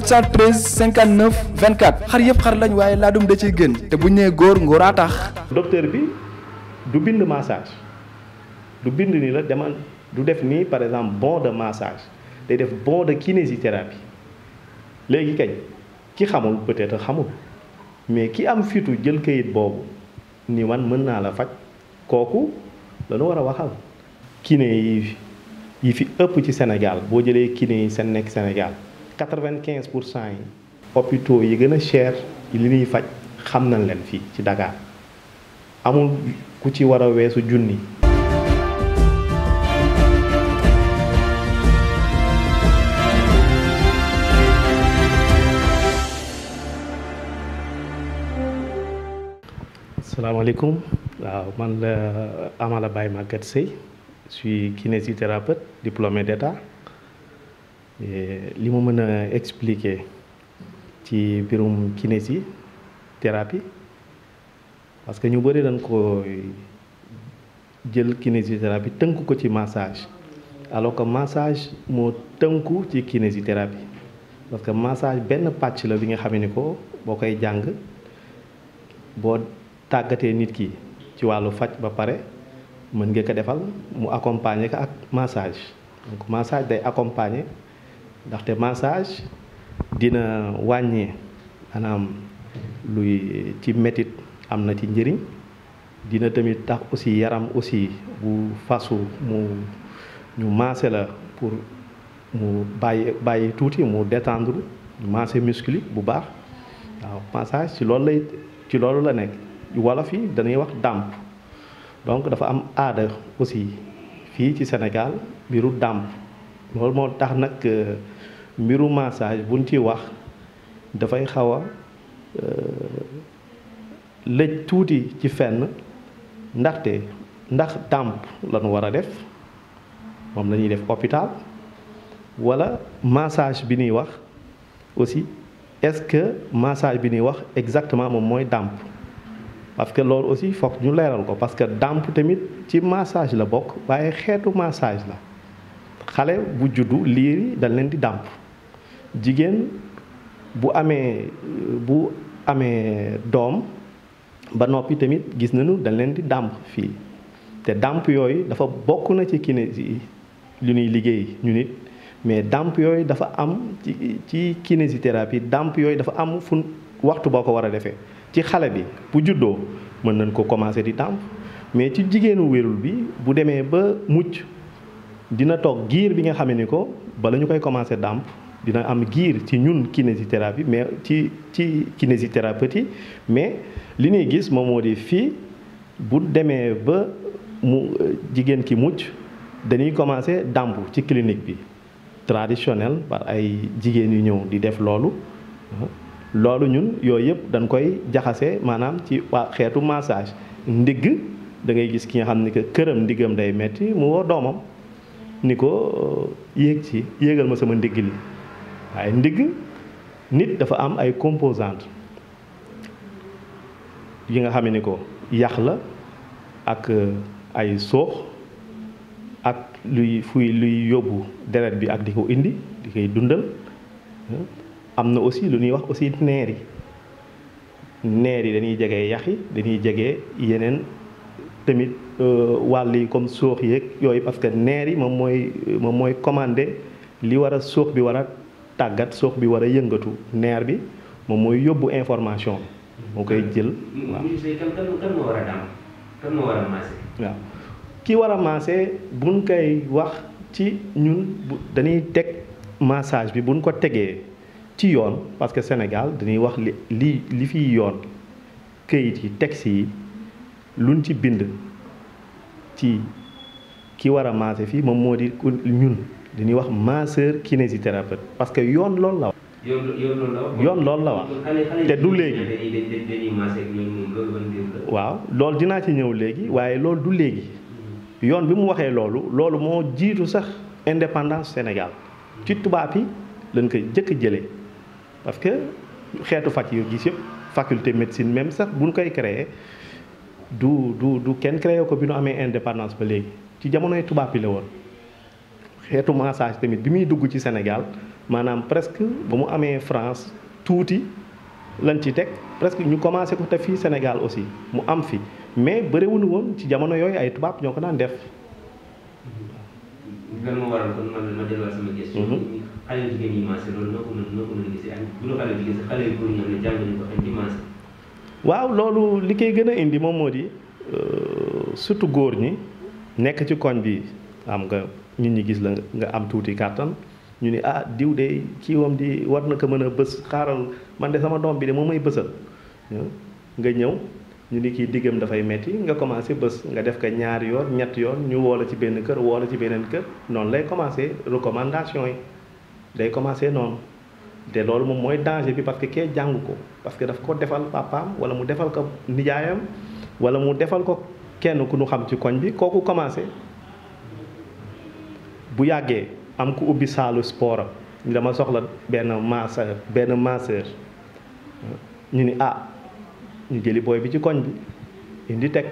cinquante 713 59 24 xar yëpp xar lañ waaye laa laadum da ciy gën te bu ñu nee góor ngóoraa tax. docteur bi du bind massage du bind ni la demal du def nii par exemple bon de massage day def bon de kinésithérapie léegi kañ ki xamul peut-être xamul mais ki am fitu jël kayit boobu ni man mën naa la faj kooku lañu war a waxal kiné yi yi fi ëpp ci Sénégal boo jëlee kiné yi seen nekk Sénégal. quatre-vingt-quinze pour cent yi hôpitaux yi gën a cher li ñuy faj xam nañ leen fii ci Dakar amul ku ci war a weesu junni salaamaaleykum waaw man la Amala Baye Maguette Seye je suis kinésithérapeute diplômé Eh, li ma mën a expliquer ci mbirum kinésithérapie parce que ñu bëri dañ ko jël kinésithérapie tënk ko ci massage alors que massage moo tënku ci kinésithérapie parce que massage benn pàcc la bi nga xamee ni ko boo koy jàng boo tàggatee nit ki ci wàllu faj ba pare mën nga ko defal mu accompagner ko ak massage donc massage day accompagner ndaxte massage dina wàññi maanaam luy ci metit am na ci njëriñ dina tamit tax aussi yaram aussi bu fasu mu ñu maase la pour mu bàyyi bàyyi tuuti mu détendre maase musculaire bu baax waaw massage ci lool lay ci loolu la nekk wolof yi dañuy wax dàmp donc dafa am aada aussi fii ci senegal mbiru dàmp loolu moo tax nag euh, mbiru massage buñ ci wax dafay xaw a euh, lëj tuuti ci fenn ndaxte ndax dàmp lañu war a def moom la def hôpital wala massage bi ñuy wax aussi est-ce que massage bi nuy wax exactement moom mooy dàmp parce que loolu aussi foog ñu leeral ko parce que dàmp tamit ci massage la bokk waaye xeetu massage la xale bu juddu liir dañ leen di dàmp jigéen bu amee bu amee doom ba noppi tamit gis nañu dañ leen di dàmp fii te dàmp yooyu dafa bokk na ci kinési li ñuy liggéey ñu nit mais dàmp yooyu dafa am ci ci kinésithérapie dàmp yooyu dafa am fu waxtu boo ko war a defee ci xale bi bu juddoo mën nañ ko commencer di dàmp mais ci jigéenu wérul bi bu demee ba mucc dina toog giir bi nga xamee ni ko bala ñu koy commencé dàmp dina am giir ci ñun kinésithérapie mais ci ci kinésithérapeute mais li ñuy gis moom moo di fii bu demee ba mu jigéen ki mucc dañuy commencé dàmp ci clinique bi traditionnel par ay jigéen yu ñëw di def loolu loolu ñun yooyu yëpp dañ koy jaxase maanaam ci waa xeetu massage ndigg dangay gis ki nga xam ni que këram ndiggam day metti mu woo doomam ni ko yéeg ci yéegal ma sama ndigg li waaye ndigg nit dafa am ay composante yi nga xamee ni ko yax la ak euh, ay soox ak luy fuy luy yóbbu deret bi ak di ko indi di koy dundal am na aussi lu ñuy wax aussi neer yi neer yi dañuy jege yax yi dañuy jege yeneen tamit wàll yi comme suux yeeg yooyu parce que neer yi moom mooy moom mooy commandé li war a suux bi war a tàggat suux bi war a yëngatu neer bi moom mooy yóbbu information moo koy jël waaw ki war a maase buñ koy wax ci ñun dañuy teg massage bi buñ ko tegee ci yoon parce que Sénégal dañuy wax li li li fiy yoon këyit yi texte yi luñ ci bind ci ki war a maase fii moom moo di ñun dañuy wax masseur kinésithérapeute parce que yoon loolu la wax. yoon loolu la wax te du léegi waaw loolu dinaa ci ñëw léegi waaye loolu du léegi hmm. yoon bi mu waxee loolu loolu moo jiitu sax indépendance Sénégal ci tubaab yi lañ ko jëkk jëlee parce que xeetu faj yoo gis yëpp faculté médecine même sax buñ koy créer du du du kenn créé ko bi nu amee indépendance ba léegi ci jamonoy tubaab yi la woon xeetu massage tamit bi muy dugg ci Sénégal maanaam presque ba mu amee France tuuti lañ ci teg presque ñu commencé ko te fii Sénégal aussi mu am fi mais bëriwuñu woon ci jamono yooyu ay tubaab ñoo ko daan def. lan moo waral kon waaw loolu li koy gën a indi moom moo di euh, surtout góor ñi nekk ci koñ bi am nga ñu ñi gis la nga am tuuti kàttan ñu ni ah diw de kii wam di war na ko mën a bës xaaral man de sama doom bi de moom may bësal nga ñëw ñu ni kii diggam dafay metti nga commencé bës nga def ko ñaari yoon ñetti yoon ñu woola ci benn kër woo ci beneen kër noonu lay commencé recommandation yi day commencé noonu te loolu moom mooy danger bi parce que kee jàng ko parce que daf ko defal papaam wala mu defal ko nijaayam wala mu defal ko kenn ku nu xam ci koñ bi kooku commencé bu yàggee am ku ubbi saalu sport am dama soxla benn masseur benn masseur ñu ni ah ñu jëli bi ci koñ bi teg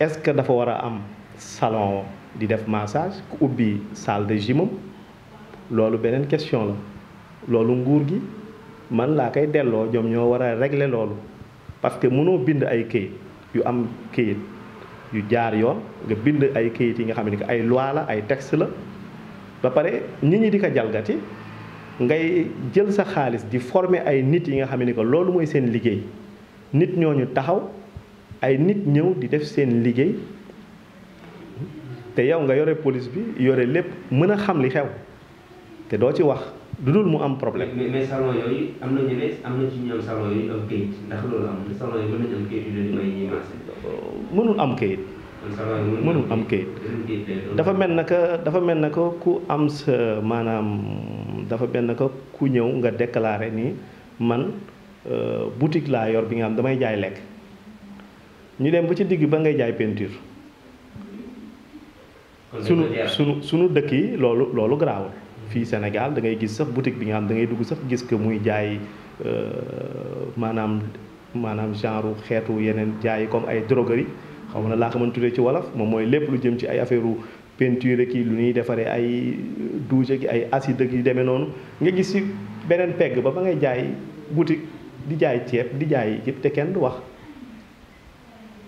est-ce que dafa war a am salon di def massage ku ubbi salle de gym loolu beneen question la loolu nguur gi man laa koy delloo ñoom ñoo war a regle loolu parce que mënoo bind ay këyit yu am këyit yu jaar yoon nga bind ay këyit yi nga xam ne ay loi la ay texte la ba pare nit ñi di ko jalgati ngay jël sa xaalis di former ay nit yi nga xam ne que loolu mooy seen liggéey nit ñooñu taxaw ay nit ñëw di def seen liggéey te yow nga yore police bi yore lépp mën a xam li xew te doo ci wax du dul mu am problème. mais mais salon mënul am kayit. mënul am kayit dafa mel na que dafa mel na que ku am sa maanaam dafa benn na ku ñëw nga déclaré ni man euh, boutique laa yor bi nga xam damay jaay lekk ñu dem ba ci digg ba ngay jaay peinture. sunu sunu sunu dëkk yi loolu loolu garaawul. fii Sénégal da ngay gis sax boutique bi nga xam da ngay dugg sax gis que muy jaay euh, maanaam maanaam genre xeetu yeneen jaay comme ay droguerie xaw ma na laa ko mën ci wolof moom mooy lépp lu jëm ci ay affaire peinture ki lu ñuy defaree ay douche ki ay acide ak yu demee noonu nga gis ci beneen pegg ba ba ngay jaay boutique di jaay ceeb di jaay yëpp te kenn du wax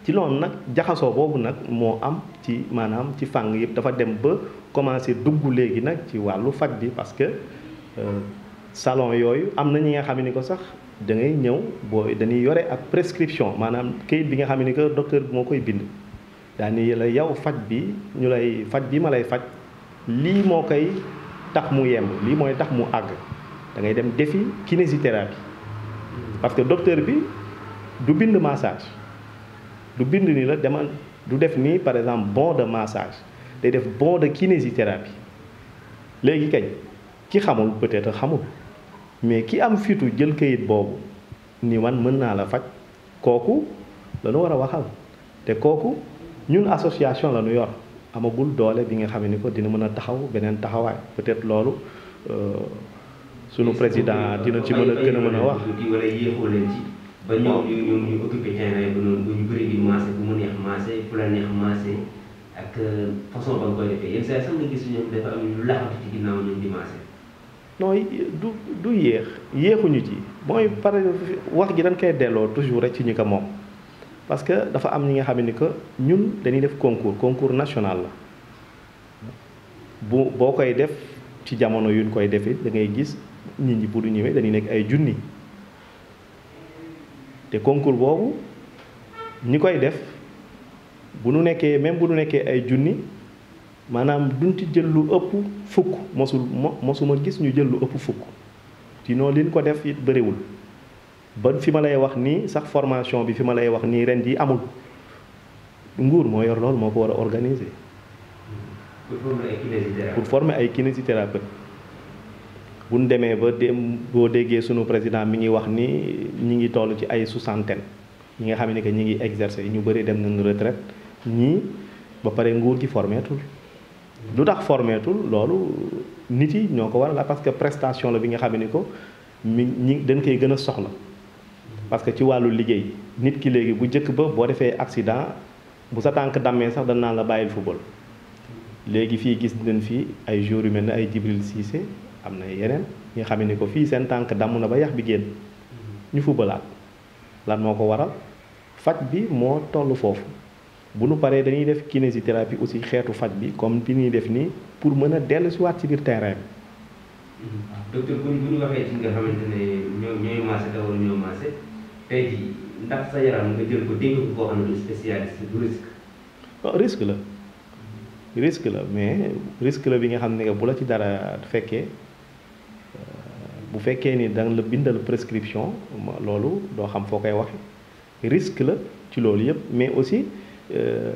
ci loolu nag jaxasoo boobu nag moo am ci maanaam ci fànn yëpp dafa dem ba commencé dugg léegi nag ci wàllu faj bi parce que euh, salon yooyu am na ñi nga xam ni ko sax dangay ñëw boo dañuy yore ak prescription maanaam kayit bi nga xam ni que docteur bi moo koy bind daani la yow faj bi ñu lay faj bi ma lay faj lii moo koy tax mu yem lii mooy tax mu àgg da ngay dem defi kinésithérapie parce que docteur bi du bind massage du bind ni la demal du def nii par exemple bon de massage day def bon de kinésithérapie léegi kañ ki xamul peut-être xamul mais ki am fitu jël kayit boobu nii man mën naa la faj kooku la war a waxal te kooku ñun association la ñu yor amagul doole bi nga xam ni ko dina mën a taxaw beneen taxawaay peut-être loolu sunu président dina ci mën a gën a mën a wax. ba fu la neex maase ak euh, façon ba nga koy defee yenn saa sax nga gis ñoom dafa am lu laxatu ci ginnaaw ñoom di maase. non du du yéex yéexuñu ci mooy mm. par wax ji dañ koy delloo toujours rek ci ñu ko moom parce que dafa am ñi nga xam ni que ñun dañuy def concours concours national la bu boo koy def ci jamono yuñ koy defee da ngay gis nit ñi bu du ñëwee dañuy nekk ay junni te concours boobu ñi koy def. bu nu nekkee même bu nu nekkee ay junni maanaam duñ ci jël lu ëpp fukk mosul mo mosuma gis ñu jël lu ëpp fukk ci noonu liñ ko def it bëriwul ba fi ma lay wax nii sax formation bi fi ma lay wax nii ren ji amul nguur moo yor loolu moo ko war a organiser. pour former ay kinésithérapeute bu ñu demee ba dem boo déggee sunu président mi ngi wax ni ñi ngi toll ci ay soixantaine ñi nga xam ne que ñi ngi exercer ñu bëri dem nañu retraite ñii ba pare nguur gi formeetul lu tax formeetul loolu nit yi ñoo ko war la parce que prestation la bi nga xam ne ko mi ñi dañ koy gën a soxla parce que ci wàllu liggéey nit ki léegi bu njëkk ba boo defee accident bu sa tànk dammee sax dañ naan la bàyyil football léegi fii gis nañ fii ay joueurs yu mel ne ay Djibril Cissé am na yeneen ñi nga xam ne ko fii seen tànk damm na ba yax bi génn ñu footballaat lan moo ko waral faj bi moo tollu foofu bu nu paree dañuy def kinésithérapie aussi xeetu faj bi comme bi ñuy def nii pour mën a dellu si waat ci biir terrain bi. docteur bu ñu bu waxee ci nga xamante ne ñoo ñooy maase te wala ñoo maase tey jii ndax sa yaram nga jël ko dégg ko koo xam ne du risque. non risque la risque la mais risque la bi nga xam ne bu la ci dara fekkee euh, bu fekkee ni da la bindal prescription loolu doo xam foo koy waxe risque la ci loolu yëpp mais aussi. Euh,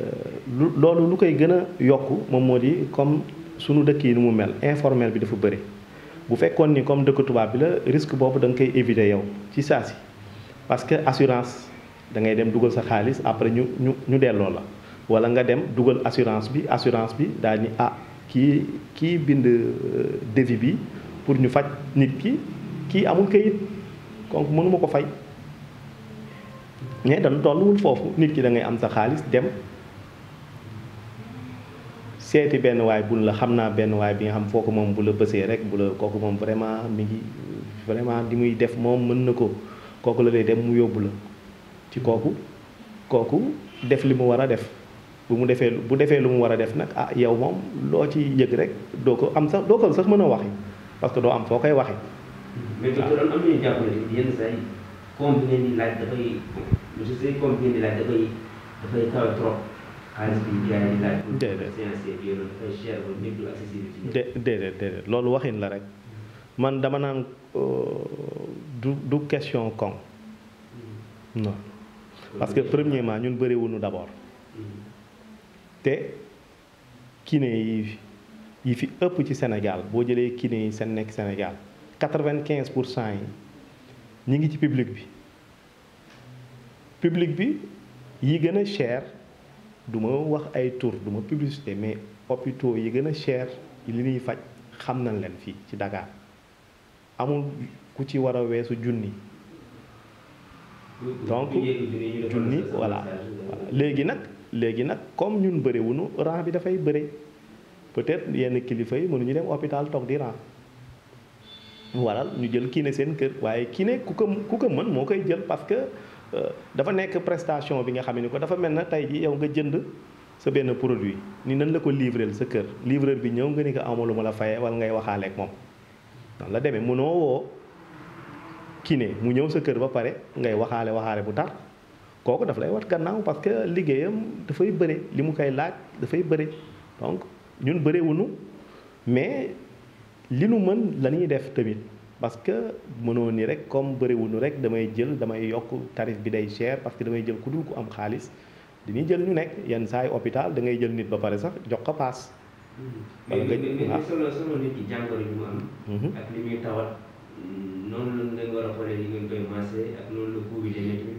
lu loolu lu koy gën a yokku moom moo di comme sunu dëkk yi nu mu mel informel bi dafa bëri bu fekkoon ni comme dëkk tubaab bi la risque boobu danga koy éviter yow ci saa si parce que assurance da ngay dem dugal sa xaalis après ñu ñu ñu delloo la wala nga dem dugal assurance bi assurance bi daal ni ah kii kii bind euh, devis bi pour ñu faj nit ki kii amul kayit donc mënuma ko faj mais dañu tolluwul foofu nit ki da ngay am sa xaalis dem seeti benn waay bun la xam naa benn waay bi nga xam foo ko moom bu la bësee rek bu la kooku moom vraiment mi ngi vraiment li muy def moom mën na ko kooku la lay dem mu yóbbu la ci kooku kooku def li mu war a def bu mu defee bu defee lu mu war a def nag ah yow moom loo ci yëg rek doo ko am sax doo ko sax mën a waxi parce que doo am foo koy waxi. comme déedéet dé déedéet déedéet loolu waxin la rek man dama naan euh, du du question kon hmm. non parce que premièrement ñun bëriwuñu d' abord hmm. te kiné yi yi fi ëpp ci Sénégal boo jëlee kiné yi seen nekk Sénégal quatre-vingt-quinze pour cent yi ñu ngi ci public bi. public bi yi gën a cher duma wax ay tour du ma publicité mais hôpitaux yi gën a cher li ñuy faj xam nañ leen fii ci Dakar amul ku ci war a weesu junni donc junni voilà léegi nag léegi nag comme ñun bëri wuñu rang bi dafay bëri peut-être yenn kilifa yi mënuñu dem hôpital toog di rang waral ñu jël kii ne seen kër waaye kiné ku ko ku ko mën moo koy jël parce que Euh, dafa nekk prestation bi nga xam ne ko dafa mel na tey ji yow nga jënd sa benn produit ni nañ la ko livreel sa kër livreur bi ñëw nga ni ko ma la fayee wala ngay waxaale ak moom noonu la demee mënoo woo kiné mu ñëw sa kër ba pare ngay waxaale waxaale bu tar kooku daf lay wat gannaaw parce que liggéeyam dafay bëre li mu koy laaj dafay bëre donc ñun bëre mais li nu mën la ñuy def tamit parce que mënoo nii rek comme bëriwunu rek damay jël damay yokk tarif bi day cher parce que damay jël ku dul ku am xaalis dañuy jël ñu nekk yenn saa yi hôpital da ngay jël nit ba pare sax jox ko paas. wala mhm. mm, noonu la nga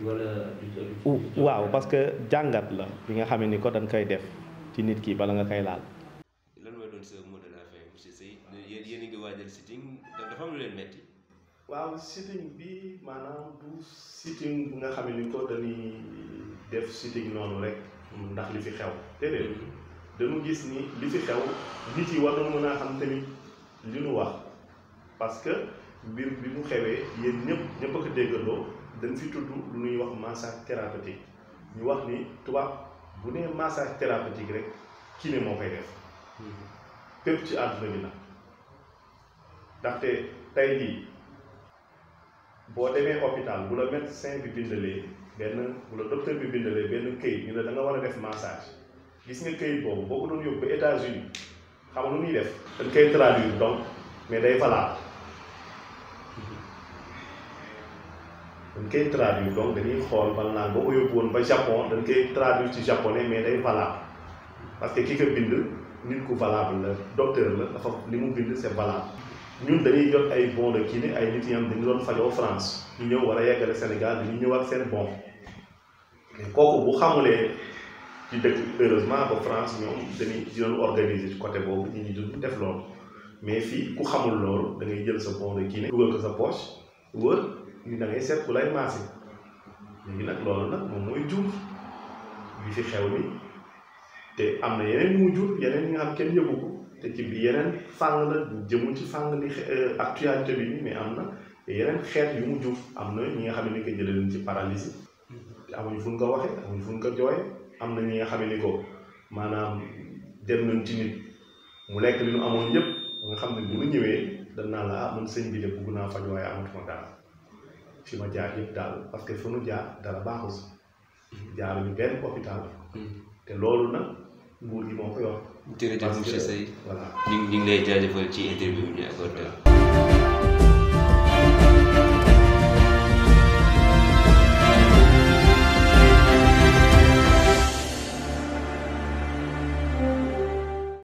war a waaw parce que jàngat la bi nga xamee ni ko dañ koy def ci nit ki bala nga koy laal. dafa am lu leen waaw sitting bi maanaam du sitting bu nga xam ne ni ko dañuy def sitting noonu rek ndax li fi xew déedéet mm-hmm. dañu gis ni li fi xew nit yi wax na mën a xam tamit li nu wax parce que mbir bi mu xewee yéen ñëpp ñëpp ko déggandoo dañ fi tudd lu ñuy wax massage thérapeutique ñu wax ni tubaab bu nee massage thérapeutique rek kiné moo koy def pépp mm-hmm. ci àdduna bi nag ndaxte tey jii boo demee hôpital bu la médecin bi bindalee benn bu la docteur bi bindalee benn këyit ñu ne da war a def massage gis nga këyit boobu boo ko doon yóbbu ba États-Unis xam lu ñuy def dañ koy traduire mais day valable dañ koy traduire donc dañuy xool bal naan boo ko yóbbu woon ba Japon dañ koy traduire ci japonais mais day valable parce que ki ko bind nit ku valable la docteur la dafa li mu bind c'est valable ñun dañuy jot ay bon de kiné ay nit yi am dañu doon fajoo France ñu ñëw war a yeggale Sénégal dañuy ñëwaat seen bon kooku bu xamulee ci dëkk heureusement ba France ñoom dañuy di doon organiser ci côté boobu ñu ñu dund mais fii ku xamul loolu da ngay jël sa bon de kiné dugal ko sa poche wër ñu da ngay seet ku lay maase léegi nag loolu nag moom mooy jur bi fi xew mi te am na yeneen mu jur yeneen ñi kenn yëgu te ci yeneen fànn la jëmu ci fànn li euh, actualité bi mais am na yeneen xeet yu mu jur am na ñi nga xam ne ni ko jëlee leen ci paralysie mm-hmm. amuñu fu ñu ko waxee amuñu fu am na ñi nga xam ne ko maanaam dem nañ ci nit mu lekk li ñu amoon yëpp nga xam ne bu ñu ñëwee dañ naa la amoon ah, man sëñ bi de bugg naa faj waaye amatuma dara fi ma jaar yëpp daal parce que fu ñu jaar dara baaxul si mm-hmm. jaaruñu benn hôpital mm-hmm. te loolu nag nguur gi moo ko yor. jërëjëf monsieur Seye voilà ñu ngi lay jaajëfal ci interview bi ñu accordé